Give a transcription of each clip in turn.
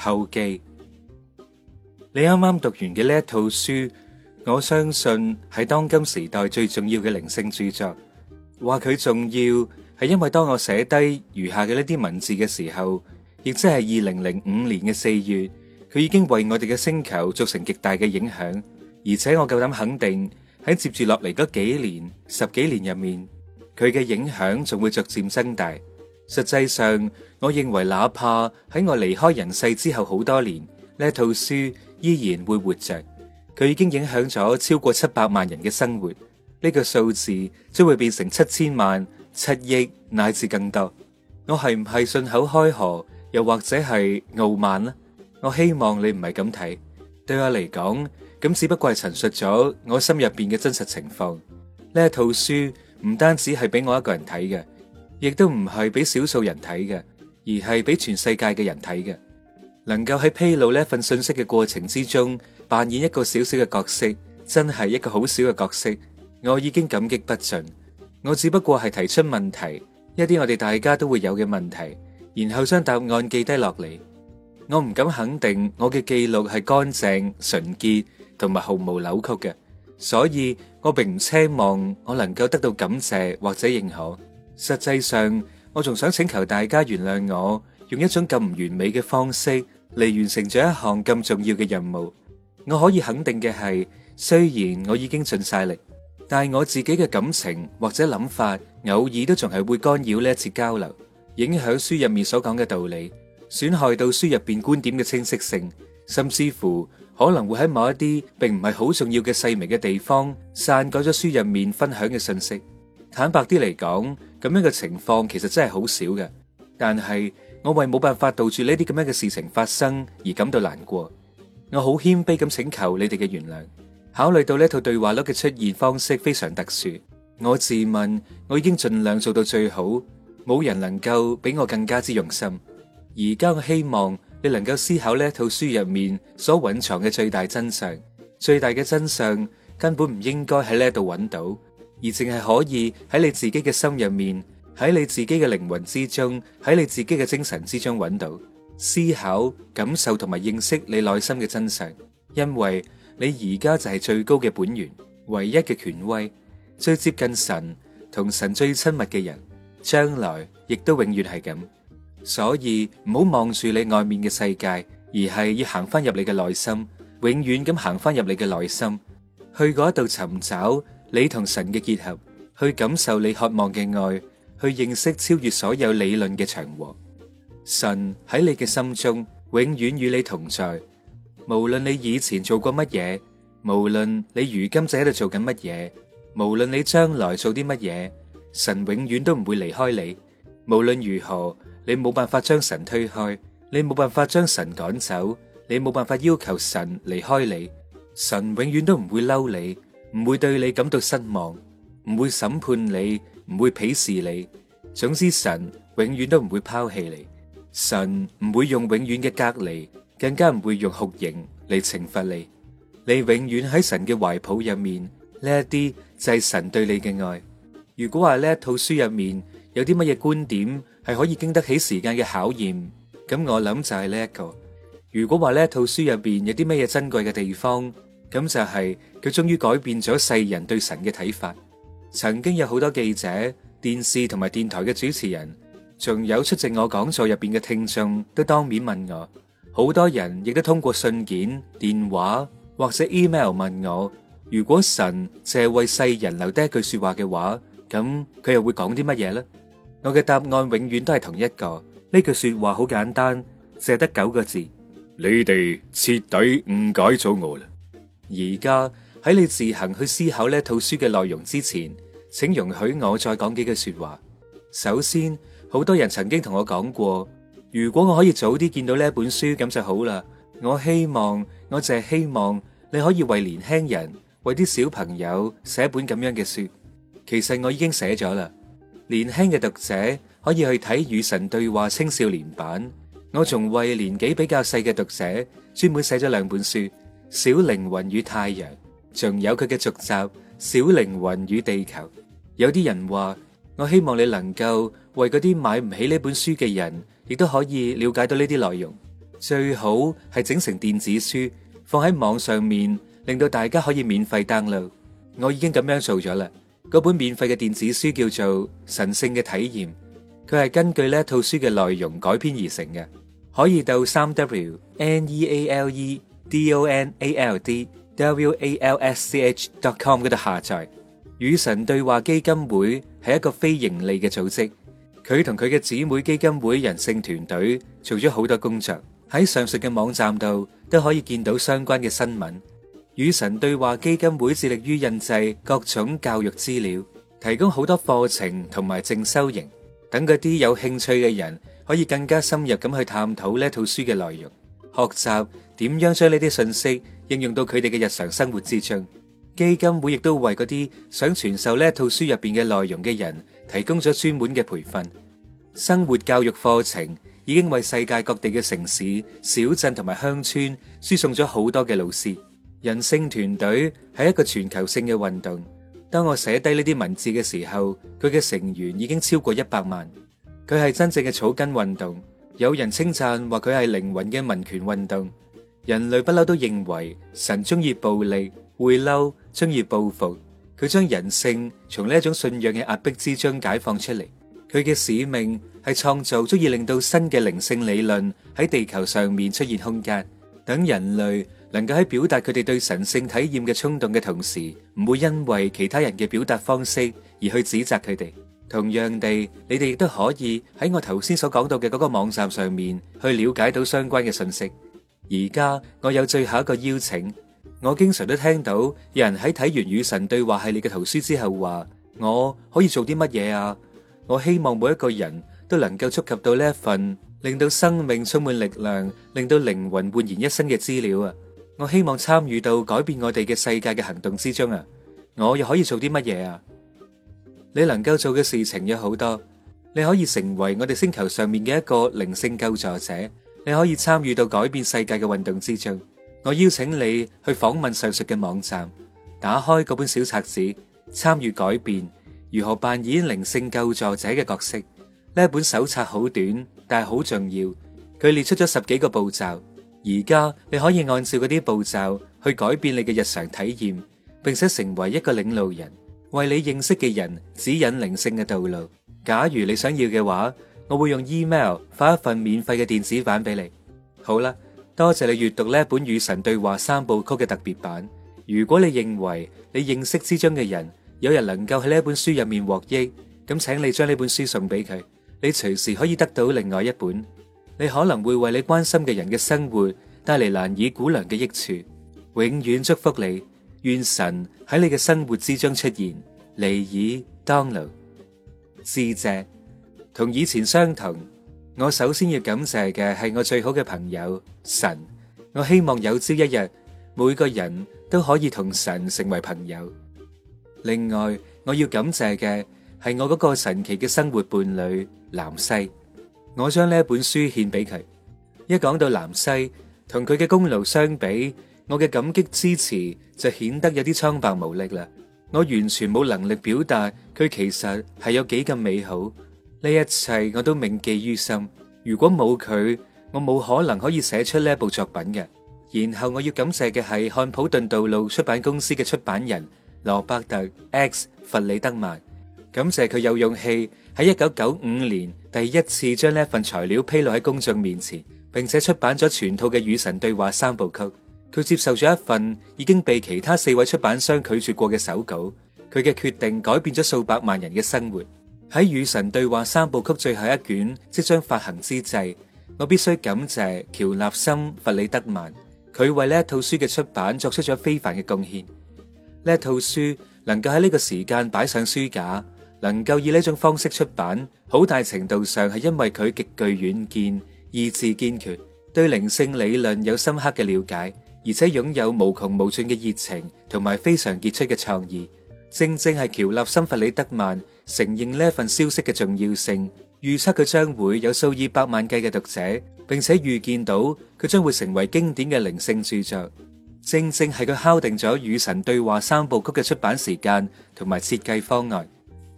後記，你啱啱讀完嘅呢一套書，我相信係當今時代最重要嘅靈性著作。話佢重要係因為當我寫低餘下嘅呢啲文字嘅時候，亦即係二零零五年嘅四月，佢已經為我哋嘅星球造成極大嘅影響。而且我夠膽肯定，喺接住落嚟嗰幾年、十幾年入面，佢嘅影響仲會逐漸增大。實際上，我認為哪怕喺我離開人世之後好多年，呢套書依然會活着。佢已經影響咗超過七百萬人嘅生活，呢個數字將會變成七千萬、七億乃至更多。我係唔係信口開河，又或者係傲慢呢？我希望你唔係咁睇。對我嚟講，咁只不過係陳述咗我心入邊嘅真實情況。呢一套書唔單止係俾我一個人睇嘅。亦都唔係俾少數人睇嘅，而係俾全世界嘅人睇嘅。能夠喺披露呢一份信息嘅過程之中扮演一個小小嘅角色，真係一個好小嘅角色。我已經感激不盡。我只不過係提出問題，一啲我哋大家都會有嘅問題，然後將答案記低落嚟。我唔敢肯定我嘅記錄係乾淨純潔同埋毫無扭曲嘅，所以我並唔奢望我能夠得到感謝或者認可。實際上，我仲想請求大家原諒我，用一種咁唔完美嘅方式嚟完成咗一項咁重要嘅任務。我可以肯定嘅係，雖然我已經盡晒力，但係我自己嘅感情或者諗法，偶爾都仲係會干擾呢一次交流，影響書入面所講嘅道理，損害到書入邊觀點嘅清晰性，甚至乎可能會喺某一啲並唔係好重要嘅細微嘅地方，篡改咗書入面分享嘅信息。坦白啲嚟講，咁樣嘅情況其實真係好少嘅。但係我為冇辦法杜絕呢啲咁樣嘅事情發生而感到難過。我好謙卑咁請求你哋嘅原諒。考慮到呢套對話錄嘅出現方式非常特殊，我自問我已經盡量做到最好，冇人能夠比我更加之用心。而家我希望你能夠思考呢一套書入面所蘊藏嘅最大真相。最大嘅真相根本唔應該喺呢度揾到。而淨係可以喺你自己嘅心入面，喺你自己嘅靈魂之中，喺你自己嘅精神之中揾到思考、感受同埋認識你內心嘅真相。因為你而家就係最高嘅本源，唯一嘅權威，最接近神同神最親密嘅人，將來亦都永遠係咁。所以唔好望住你外面嘅世界，而係要行翻入你嘅內心，永遠咁行翻入你嘅內心，去嗰度尋找。你同神嘅結合，去感受你渴望嘅愛，去認識超越所有理論嘅祥和。神喺你嘅心中永遠與你同在。無論你以前做過乜嘢，無論你如今就喺度做緊乜嘢，無論你將來做啲乜嘢，神永遠都唔會離開你。無論如何，你冇辦法將神推開，你冇辦法將神趕走，你冇辦法要求神離開你。神永遠都唔會嬲你。唔會對你感到失望，唔會審判你，唔會鄙視你。總之，神永遠都唔會拋棄你，神唔會用永遠嘅隔離，更加唔會用酷刑嚟懲罰你。你永遠喺神嘅懷抱入面，呢一啲就係神對你嘅愛。如果話呢一套書入面有啲乜嘢觀點係可以經得起時間嘅考驗，咁我諗就係呢一個。如果話呢一套書入邊有啲乜嘢珍貴嘅地方，咁就係佢終於改變咗世人對神嘅睇法。曾經有好多記者、電視同埋電台嘅主持人，仲有出席我講座入邊嘅聽眾，都當面問我。好多人亦都通過信件、電話或者 email 問我，如果神就係為世人留低一句說話嘅話，咁佢又會講啲乜嘢呢？我嘅答案永遠都係同一個。呢句說話好簡單，淨係得九個字：你哋徹底誤解咗我啦。而家喺你自行去思考呢套書嘅內容之前，請容許我再講幾句說話。首先，好多人曾經同我講過，如果我可以早啲見到呢本書，咁就好啦。我希望，我淨係希望你可以為年輕人、為啲小朋友寫本咁樣嘅書。其實我已經寫咗啦。年輕嘅讀者可以去睇《與神對話》青少年版。我仲為年紀比較細嘅讀者專門寫咗兩本書。小靈魂與太陽，仲有佢嘅續集《小靈魂與地球》。有啲人話，我希望你能夠為嗰啲買唔起呢本書嘅人，亦都可以了解到呢啲內容。最好係整成電子書，放喺網上面，令到大家可以免費 download。我已經咁樣做咗啦。嗰本免費嘅電子書叫做《神聖嘅體驗》，佢係根據呢套書嘅內容改編而成嘅，可以到三 W N E A L E DonaldWalsch.com 嗰度下載。與神對話基金會係一個非盈利嘅組織，佢同佢嘅姊妹基金會人性團隊做咗好多工作。喺上述嘅網站度都可以見到相關嘅新聞。與神對話基金會致力於印製各種教育資料，提供好多課程同埋正修營，等嗰啲有興趣嘅人可以更加深入咁去探討呢一套書嘅內容，學習。點樣將呢啲信息應用到佢哋嘅日常生活之中？基金會亦都為嗰啲想傳授呢一套書入邊嘅內容嘅人提供咗專門嘅培訓。生活教育課程已經為世界各地嘅城市、小鎮同埋鄉村輸送咗好多嘅老師。人性團隊係一個全球性嘅運動。當我寫低呢啲文字嘅時候，佢嘅成員已經超過一百萬。佢係真正嘅草根運動。有人稱讚話佢係靈魂嘅民權運動。人類不嬲都認為神中意暴力，會嬲中意報復。佢將人性從呢一種信仰嘅壓迫之中解放出嚟。佢嘅使命係創造足以令到新嘅靈性理論喺地球上面出現空間，等人類能夠喺表達佢哋對神性體驗嘅衝動嘅同時，唔會因為其他人嘅表達方式而去指責佢哋。同樣地，你哋亦都可以喺我頭先所講到嘅嗰個網站上面去了解到相關嘅信息。而家我有最後一個邀請，我經常都聽到有人喺睇完與神對話系列嘅圖書之後話：我可以做啲乜嘢啊？我希望每一個人都能夠觸及到呢一份令到生命充滿力量、令到靈魂煥然一新嘅資料啊！我希望參與到改變我哋嘅世界嘅行動之中啊！我又可以做啲乜嘢啊？你能夠做嘅事情有好多，你可以成為我哋星球上面嘅一個靈性救助者。你可以參與到改變世界嘅運動之中。我邀請你去訪問上述嘅網站，打開嗰本小冊子，參與改變，如何扮演靈性救助者嘅角色？呢本手冊好短，但係好重要。佢列出咗十幾個步驟。而家你可以按照嗰啲步驟去改變你嘅日常體驗，並且成為一個領路人，為你認識嘅人指引靈性嘅道路。假如你想要嘅話。我會用 email 發一份免費嘅電子版俾你。好啦，多謝你閱讀呢本與神對話三部曲嘅特別版。如果你認為你認識之中嘅人有人能夠喺呢本書入面獲益，咁請你將呢本書送俾佢。你隨時可以得到另外一本。你可能會為你關心嘅人嘅生活帶嚟難以估量嘅益處。永遠祝福你，願神喺你嘅生活之中出現。尼爾·當奴，致謝。同以前相同，我首先要感謝嘅係我最好嘅朋友神。我希望有朝一日每個人都可以同神成為朋友。另外，我要感謝嘅係我嗰個神奇嘅生活伴侶南西。我將呢本書獻俾佢。一講到南西，同佢嘅功勞相比，我嘅感激之詞就顯得有啲蒼白無力啦。我完全冇能力表達佢其實係有幾咁美好。呢一切我都銘記於心。如果冇佢，我冇可能可以寫出呢部作品嘅。然後我要感謝嘅係漢普頓道路出版公司嘅出版人羅伯特 ·X· 弗里德曼，感謝佢有勇氣喺一九九五年第一次將呢份材料披露喺公眾面前，並且出版咗全套嘅《與神對話》三部曲。佢接受咗一份已經被其他四位出版商拒絕過嘅手稿，佢嘅決定改變咗數百萬人嘅生活。喺與神對話三部曲最後一卷即將發行之際，我必須感謝喬納森·弗里德曼，佢為呢一套書嘅出版作出咗非凡嘅貢獻。呢一套書能夠喺呢個時間擺上書架，能夠以呢種方式出版，好大程度上係因為佢極具遠見、意志堅決、對靈性理論有深刻嘅了解，而且擁有無窮無盡嘅熱情同埋非常傑出嘅創意。正正係喬納森弗里德曼承認呢一份消息嘅重要性，預測佢將會有數以百萬計嘅讀者，並且預見到佢將會成為經典嘅靈性著作。正正係佢敲定咗與神對話三部曲嘅出版時間同埋設計方案。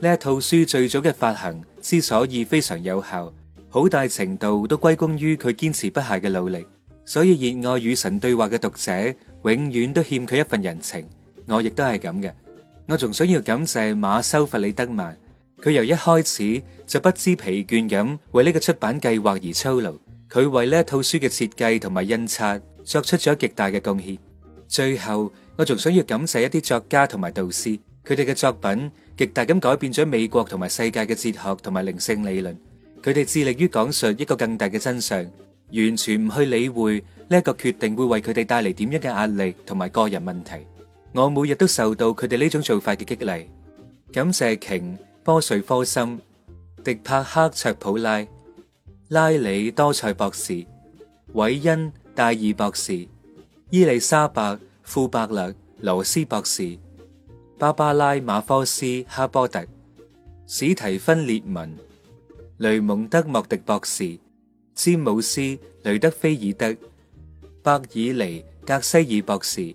呢一套書最早嘅發行之所以非常有效，好大程度都歸功於佢堅持不懈嘅努力。所以熱愛與神對話嘅讀者永遠都欠佢一份人情，我亦都係咁嘅。我仲想要感謝馬修弗里德曼，佢由一開始就不知疲倦咁為呢個出版計劃而操勞，佢為呢一套書嘅設計同埋印刷作出咗極大嘅貢獻。最後，我仲想要感謝一啲作家同埋導師，佢哋嘅作品極大咁改變咗美國同埋世界嘅哲學同埋靈性理論，佢哋致力於講述一個更大嘅真相，完全唔去理會呢一個決定會為佢哋帶嚟點樣嘅壓力同埋個人問題。我每日都受到佢哋呢種做法嘅激勵，感謝瓊波瑞科森、迪帕克卓普拉、拉里多塞博士、韋恩戴爾博士、伊麗莎白庫伯勒羅斯博士、巴巴拉馬科斯哈波特、史提芬列文、雷蒙德莫迪博士、詹姆斯雷德菲爾德、伯爾尼格西爾博士。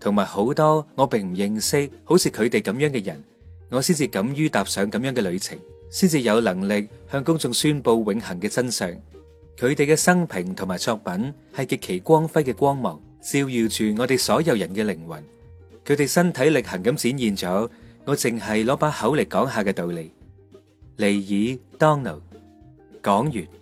同埋好多我並唔認識，好似佢哋咁樣嘅人，我先至敢於踏上咁樣嘅旅程，先至有能力向公眾宣布永恒嘅真相。佢哋嘅生平同埋作品係極其光輝嘅光芒，照耀住我哋所有人嘅靈魂。佢哋身體力行咁展現咗，我淨係攞把口嚟講下嘅道理。尼爾當奴講完。